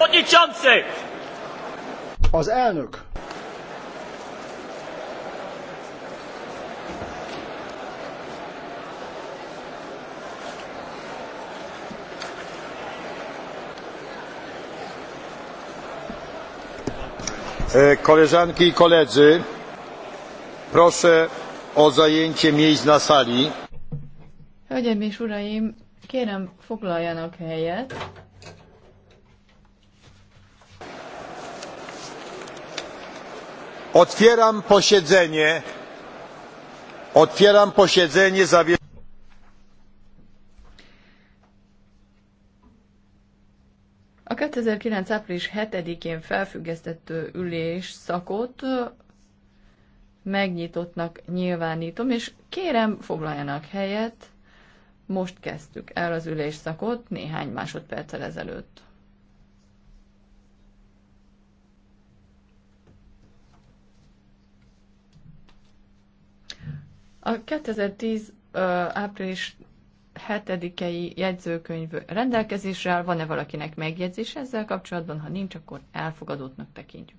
przewodniczący! Az elnök. E, koleżanki i koledzy, proszę o zajęcie miejsc na sali. Hölgyeim és uraim, kérem foglaljanak helyet. Otwieram posiedzenie. Otwieram posiedzenie A 2009. április 7-én felfüggesztett ülés szakot megnyitottnak nyilvánítom, és kérem foglaljanak helyet. Most kezdtük el az ülésszakot néhány másodperccel ezelőtt. A 2010 április 7-i jegyzőkönyv rendelkezésre áll. Van-e valakinek megjegyzés ezzel kapcsolatban? Ha nincs, akkor elfogadottnak tekintjük.